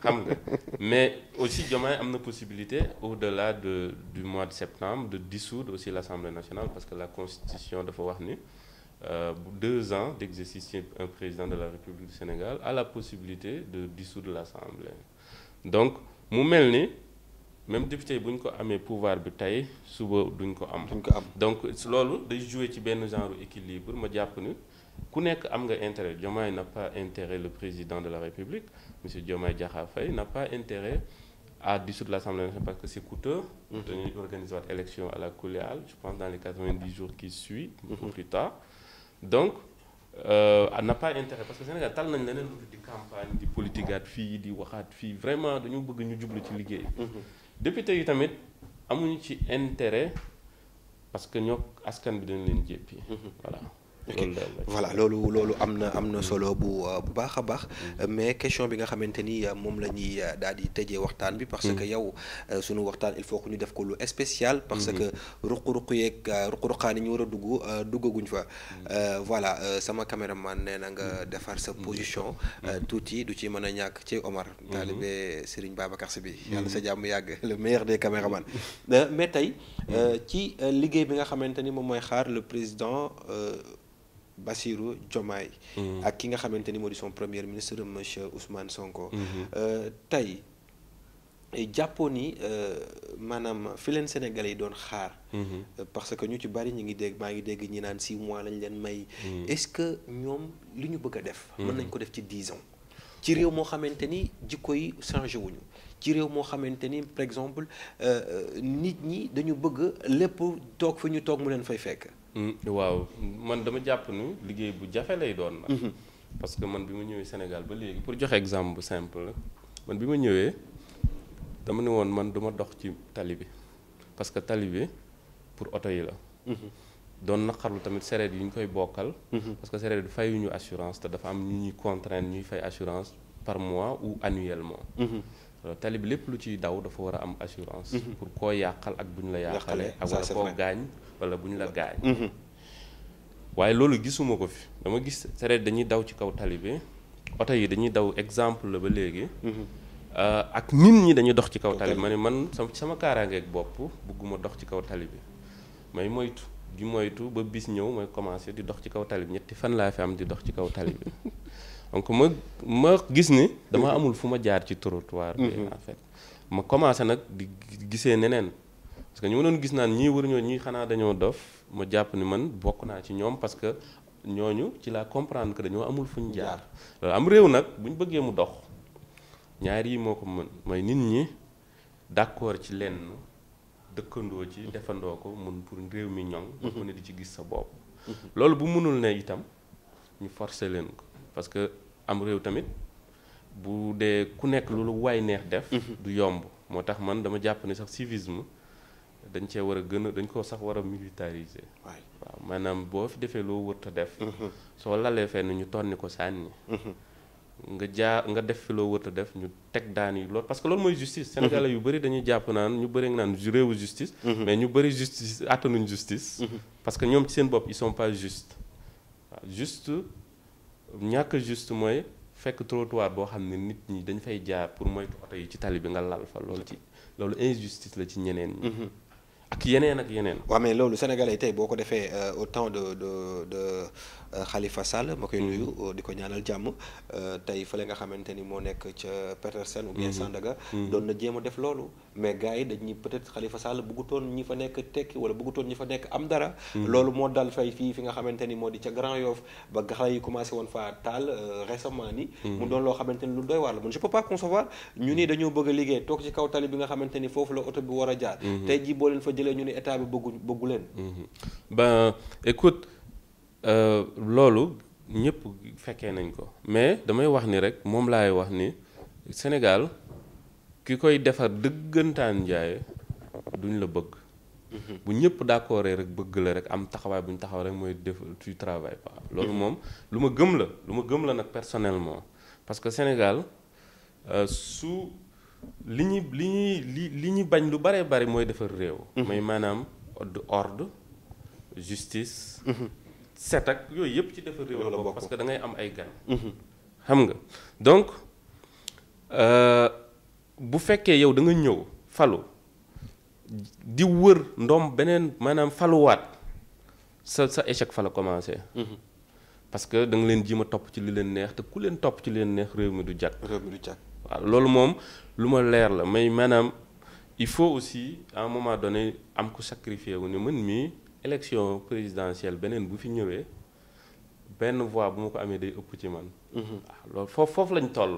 xam nga mais aussi Diomaye am na possibilité au-delà de du mois de septembre de dissoudre aussi l'Assemblée nationale parce que la constitution dafa wax ni euh, deux ans d'exercice un président de la République du Sénégal a la possibilité de dissoudre l'Assemblée donc mu mel ni même député bu ñu ko amee pouvoir bi tey suba duñ ko am. duñ ko am donc loolu day jouer ci benn genre équilibre ma jàpp ni ku nekk am nga intérêt Diomaye n'a pas intérêt le président de la République monsieur Diomaye Diakhar Faye n'a pas intérêt à dissoudre l'Assemblée nationale parce que c'est coûteux. dañuy mm-hmm. organiser waat élection à la coléale je pense dans les 90 jours qui suivent. ou mm-hmm. plus tard donc. Euh, n'a pas intérêt parce que Sénégal tal nañ leneen lu fii di waxaat fii vraiment dañu bëgg ñu jublu ci liggéey. député yi tamit amuñu ci intérêt parce que ñoo askan bi dañ leen jéppi mm-hmm. voilà voilà loolu loolu am na am na solo bu euh, bu baax a baax mm. euh, mais question bi nga xamante ni euh, moom la ñuy daal di tëjee waxtaan bi parce mm. que yow sunu waxtaan il faut que ñu def ko lu espécial parce mm-hmm. que ruq yeeg ruq-ruqaan yi ñu war a dugg duggaguñ fa mm. voilà sama caméraman nee na nga defar sa position tuuti du ci mën a ñàkk ci Omar mm-hmm. taalibe Serigne Babacar Sy bi mm-hmm. yàlla sa jàmm yàgg le meilleur des caméramans mais tey ci liggéey bi nga xamante ni moom mooy xaar le président Bassirou Diomaye mm. ak ki nga xamante ni moo di son premier ministre monsieur Ousmane Sonko mm-hmm. euh, tey eh, jàppoo ni euh, maanaam fi leen sénégal yi doon xaar. Mm-hmm. Euh, parce que ñu ci bari ñu ngi dégg maa ngi dégg ñi naan six mois lañ leen may. Mm. est-ce que ñoom li ñu bëgg a def. Mm. mën nañ ko def ci dix ans. ci réew moo xamante ni jikko yi changé wuñu ci réew moo xamante ni par exemple nit ñi dañu bëgg lépp toog fi ñu toog mu leen fay fekk. Mm, waaw man dama jàpp ni liggéey bu jafe lay doon. Mm-hmm. parce que man bi ma ñëwee Sénégal ba léegi pour joxe exemple bu simple man bi ma ñëwee dama ne woon man du dox ci tali bi parce que tali bi pour oto yi la. Mm-hmm. doon naqarlu tamit sereet yi ñu koy bokkal. Mm-hmm. parce que sereet yi fayuñu assurance te dafa am ñu ñuy contraindre ñuy fay assurance par mois ou annuellement. Euh, tali bi lépp lu ciy daw dafa war a am assurance. Mhm. pour koo yàqal ak bu ñu la yàqalee. ak wala koo gaañ wala bu ñu la gaañ. Mhm. waaye loolu gisuma ko fi dama gis sareet dañuy daw ci kaw tali bi oto yi dañuy daw exemple la ba léegi. Mhm. Euh, ak nit ñi dañuy dox ci kaw tali bi ma ne man sama kaaraangeeg bopp bugguma dox ci kaw tali bi may moytu gi moytu ba bis ñëw may commencé di dox ci kaw tali bi ñetti fan laa fi am di dox ci kaw tali bi. donc ma ma gis ni. dama mhm. amul fu ma jaar ci trottoir bi. Mhm. en fait ma commencé nag di gisee neneen. parce que ñu ma doon gis naan ñii wër ñoo xanaa dañoo dof ma jàpp ni man bokk naa ci ñoom parce que ñooñu ci la comprendre que dañoo amul fu ñu jaar. loolu am réew nag bu ñu bëggee mu dox ñaar yi moo ko mën mooy nit ñi d'accord ci lenn dëkkandoo ci defandoo ko mun pour réew mi ñoŋ. Mhm. ku ne di ci gis sa bopp. loolu bu mënul ne itam ñu forcer leen ko am réew tamit bu dee ku nekk lu lu waay neex def. Mhm. du yomb moo tax man dama jàpp ne sax civisme dañ cee war a gën a dañ koo sax war a militariser. waaw maanaam boo fi defee loo wërta def. Mhm. soo lalee fenn ñu ton ni ko sànni. Mhm. nga jaa nga def fi loo wërta def ñu teg daan yi lool parce que loolu mooy justice. sénégalais yu bëri dañuy jàpp naan ñu bëri naan réewu justice. mais ñu bëri justice attanuñ justice. parce que ñoom ci seen bopp ils sont pas justes waaw juste. ñàkk juste mooy fekk trottoir boo xam ne nit ñi dañ fay jaar pour mooy oto yi ci tali bi nga lal fa loolu ci loolu injustice la ci ñeneen ñi mhm. ak yeneen ak yeneen waaw mais loolu sénégalais tey boo ko defee euh, au de de de xalifa euh, Sall ma koy nuyu euh, di ko ñaanal jàmm euh, tey fële nga xamante ni moo nekk ca Petersen ou bien mhm. Sandaga mhm. doon na jéem a def loolu mais gars yi dañuy peut-être Khalifa Sall bëggutoon ñi fa nekk tekki wala bëggutoon ñi fa nekk am dara mhm. loolu moo dal fay fii fi nga xamante ni moo di ca Grand Yoff ba xale yi commencé woon faa taal récemment ni mu doon loo xamante ni lu doy waar la man je peux pas concevoir ñu ni dañoo bëgga liggéey toog ci kaw tali bi nga xamante ni foofu la oto bi war a jaar tey jii leen fa jëlee ñu ne état bi bëggu bëggu leen ben écoute Euh, loolu ñëpp fekkee nañ ko mais damay wax ni rek moom laay wax ni Sénégal ki koy defar dëggantaan njaay duñ la bëgg. Mhm. bu ñëpp d'accord rek bëgg la rek am taxawaay buñ taxaw rek mooy def tu travail pas. loolu mhm. moom lu ma gëm la lu ma gëm la nag personnellement parce que Sénégal euh, su li ñu li ñuy li li ñu bañ lu bare bari mooy defar réew. Mhm. mooy maanaam ordre justice. set ak yooyu yëpp ci defar réew la bokk parce que da am ay gan mhm. xam nga donc euh, bu fekkee yow da nga ñëw falu di wër ndoom beneen maanaam faluwaat sa sa échec fa la commencé mhm. parce que da nga leen ji ma topp ci li leen neex te ku leen topp ci leen neex réew mi du jàkk réew mi du waaw loolu moom lu ma leer la may maanaam il faut aussi à un moment donné am ko sacrifié wu ne mën mii élection présidentielle beneen bu fi ñëwee benn voix bu ma ko amee day ëpp ci man. waaw mhm. ah, loolu foofu foofu lañ toll.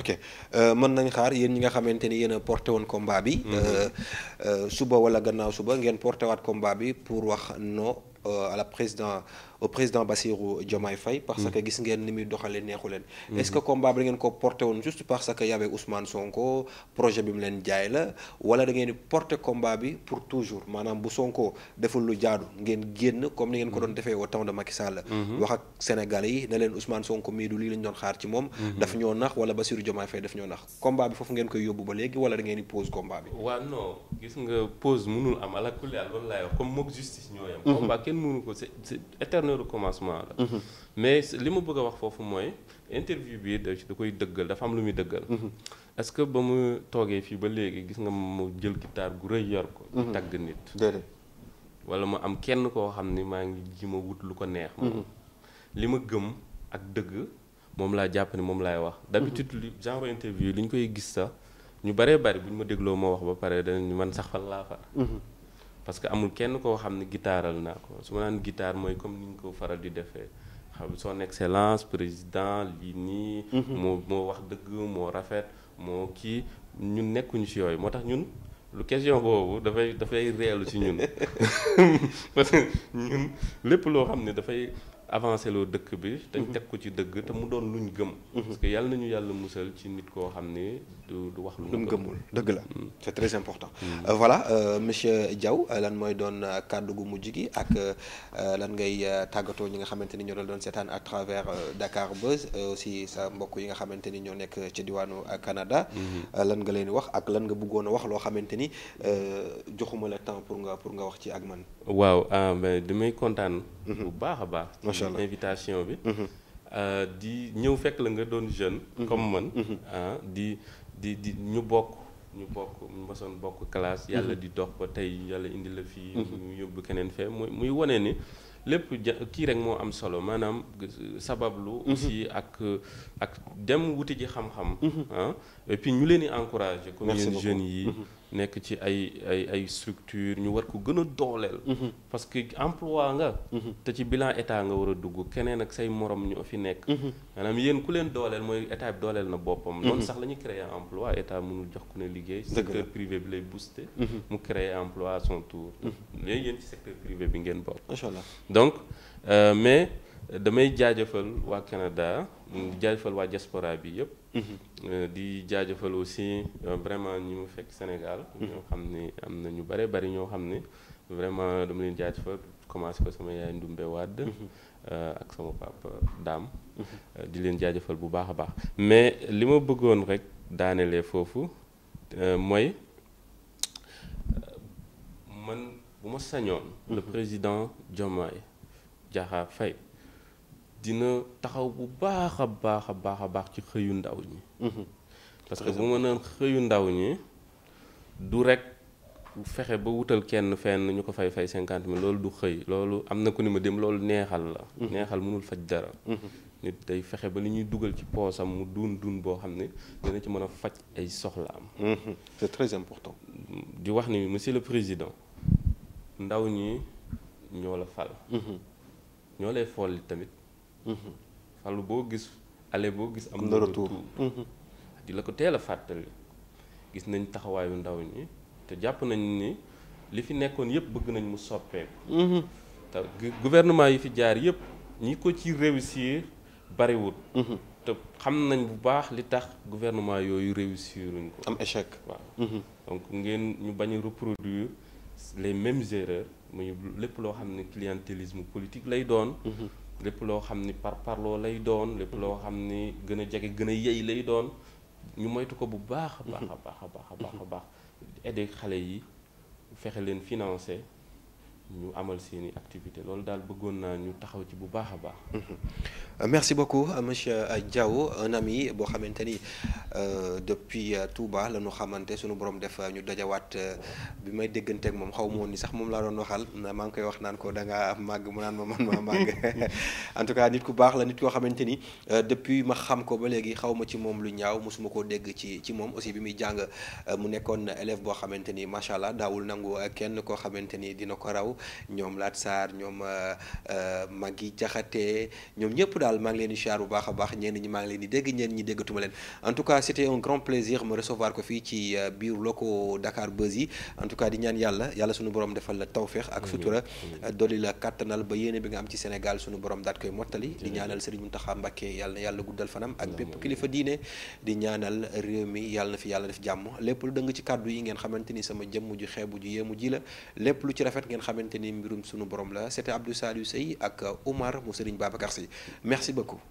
ok euh, mën nañ xaar yéen ñi nga xamante ni yéen a porté woon combat bi. Mhm. Euh, euh, suba wala gannaaw suba ngeen porté waat combat bi pour wax non à la président. au président Bassirou Diomaye Faye parce mm. que gis ngeen ni muy doxalee neexu leen mm. est-ce que combat bi da ngeen ko porté woon juste parce que y'avait Ousmane Sonko projet bi mu leen jaay la wala da ngeen di porte combat bi pour toujours maanaam bu Sonko deful lu jaadu ngeen génn comme ni ngeen ko doon mm. defee au temps de Macky Sall mm-hmm. wax ak Sénégalais yi ne leen Ousmane Sonko mii du lii lañ doon xaar ci moom mm-hmm. daf ñoo nax wala Bassirou Diomaye Faye daf ñoo nax combat bi foofu ngeen koy yóbbu ba léegi wala da ngeen di pause combat nga pause mënul am ala kulli loolu laay wax comme mook justice ñoo erreur commencement la. Mhm. mais li ma bëgg a wax foofu mooy interview bi da du koy dëggal dafa am lu muy dëggal. Mhm. est-ce que ba mu toogee fii ba léegi gis nga mu jël guitare gu rëy yor ko. Mhm. tagg nit. wala mu am kenn koo xam ni maa ngi ji ma wut lu ko neex. li ma gëm ak dëgg moom laa jàpp ne moom laay wax. d'habitude li genre interview li ñu koy gis sax ñu baree bari bu ñu ma dégloo ma wax ba pare danañ man sax fan laa fa. parce que amul kenn koo xam ne gitaaral naa ko su ma naan gitaar mooy comme ni ñu ko faral di defee xam son excellence président lii nii. Mhm. moo moo wax dëgg moo rafet moo kii ñun nekkuñu ci yooyu moo tax ñun lu question boobu dafay dafay reelu ci ñun que ñun lépp loo xam ne dafay. avancé loo dëkk bi. dañ mhm. teg ko ci dëgg te mu doon luñ gëm. Mhm. parce que yàlla nañu yàlla musal ci nit koo xam ne du wax. lu mu gëmul dëgg la. Mhm. c'est très important. Euh, voilà euh, monsieur jaw lan mooy doon euh, kàddu gu mujj gi ak lan ngay tàggatoo ñi nga xamante ni ñoo doon seetaan a travers Dakar ba si sa mbokk yi nga xamante ni ñoo nekk ci diwaanu ak kanada lan nga leen wax ak lan nga bëggoon a wax loo xamante ni joxuma la temps pour nga pour nga wax ci ak man. waaw ah mais damay bu baax a baax. macha invitation bi. Mm-hmm. Euh, di ñëw fekk la nga doon jeune. Mm-hmm. comme man. Mm-hmm. Ah, di di di ñu bokk. ñu bokk ñu bokk classe. yàlla di dox ba tey yàlla indi la fii. ñu yóbbu keneen fee muy muy wane ni lépp ja kii rek moo am solo maanaam sabablu. aussi ak ak dem wuti ji xam-xam. Ah, et ñu leen di encouragé. comme yéen jeunes yi. nekk ci ay ay structure ñu war ko gën a dooleel mhm. parce que emploi nga mhm. te ci bilan état nga war a dugg keneen ak say moroom ñoo fi nekk mhm. maanaam yéen ku leen dooleel mooy état bi dooleel na boppam loolu sax la ñuy créer emplois état munul jox ku ne liggéey secteur privé bi lay booster mu créer emploi à son tour léegi yéen ci secteur privé bi ngeen bokk donc euh, mais damay jaajëfal waa Canada jaajëfal waa diaspora bi yëpp. Mm-hmm. di jaajëfal aussi euh, vraiment ñi mu fekk Sénégal. Mm-hmm. ñoo xam ne am na ñu bare bari ñoo xam ne vraiment dama leen jaajëfal commencé ko sama yaay Ndumbe Wade. Mm-hmm. Euh, ak sama papa Dame. Euh, di leen jaajëfal bu baax a baax mais li ma bëggoon rek daanelee foofu mooy man bu ma sañoon. la président Diomaye Diakhar fay dina taxaw bu baax a baax a baax a baax ci xëyu ndaw ñi mhm. parce que bu ma naan xëyu ndaw ñi du rek fexe ba wutal kenn fenn ñu ko fay fay cinquante mi loolu du xëy loolu am na ku ni ma dem loolu neexal la mhm. neexal mënul faj dara mhm. nit day fexe ba li ñuy dugal ci poosam mu duun duun boo xam ne dina ci mën a faj ay soxla am très important di wax ni monsieur le président ndaw ñi ñoo la fal ñoo lay folli tamit Mm-hmm. fàllu boo gis ale boo gis am na retour mm-hmm. di la ko teel a fàttali gis nañ taxawaayu ndaw ñi te jàpp nañ ni li fi nekkoon yëpp bëgg nañ mu soppee mm-hmm. te gouvernement yi fi jaar yëpp ñi ko ci réussir bariwul te xam nañ bu baax li tax gouvernement yooyu réussiruñ ko am échec waaw donc ngeen ñu bañ a reproduire les mêmes erreurs muy lépp loo xam ne clientélisme politique lay doon lépp loo xam ni par parloo lay doon lépp loo mm-hmm. xam ni gën a jege gën a yey lay doon ñu moytu ko bu baax a baax a mm-hmm. baax a baax a baax a mm-hmm. baax aider xale yi fexe leen financer ñu amal seeni activité loolu daal bëggoon naa ñu taxaw ci bu baax a baax. Mm-hmm. merci beaucoup euh, monsieur euh, Diaw un ami boo xamante ni euh, depuis Touba la ñu xamante sunu borom def ñu dajawaat bi may dégganteeg moom xaw ma woon sax moom laa doon waxal maa ngi koy wax naan ko da màgg mu naan ma en tout cas nit ku baax la nit koo xamante ni depuis ma xam ko ba léegi xaw ma ci moom lu ñaaw mosuma koo dégg ci ci moom aussi bi muy jàng mu nekkoon élève boo xamante ni macha allah daawul nangu kenn koo xamante ni dina ko raw. Diaw ñoom Lat Sarr ñoom euh, euh, Magui Diakhaté ñoom ñëpp daal maa leen di bu baax a baax ñenn ñi maa ngi leen dégg ñenn ñi déggatuma leen en tout cas c'était un grand plaisir ma recevoir ko fii ci euh, biir loko Dakar Buzz yi en tout cas di ñaan yàlla yàlla suñu borom defal la tawféex ak sutura dolli la kattanal ba yéene bi nga am ci Sénégal suñu borom daat koy mottali di ñaanal Serigne Mountakha Mbacké yàlla na yàlla guddal fanam ak bépp kilifa diine di ñaanal réew mi yàlla na fi yàlla def jàmm lépp lu dëng ci kàddu yi ngeen xamante ni sama jëmm ju xeebu xamante ni mbirum sunu borom la c'était Abdou Saliou Sey ak Omar mu baaba Babacar Sy merci beaucoup.